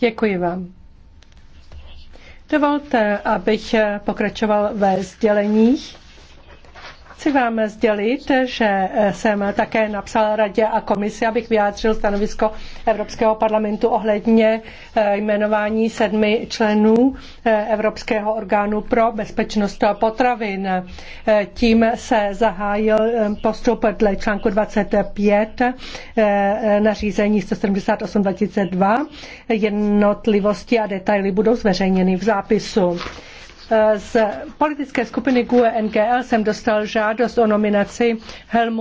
Děkuji vám. Dovolte, abych pokračoval ve sděleních. Chci vám sdělit, že eh, jsem také napsala radě a komisi, abych vyjádřil stanovisko Evropského parlamentu ohledně eh, jmenování sedmi členů eh, Evropského orgánu pro bezpečnost potravin. Tím se zahájil postup dle článku 25 nařízení 178 2002. Jednotlivosti a detaily budou zveřejněny v zápisu. Eh, z politické skupiny GUE NGL jsem dostal žádost o nominaci Helmu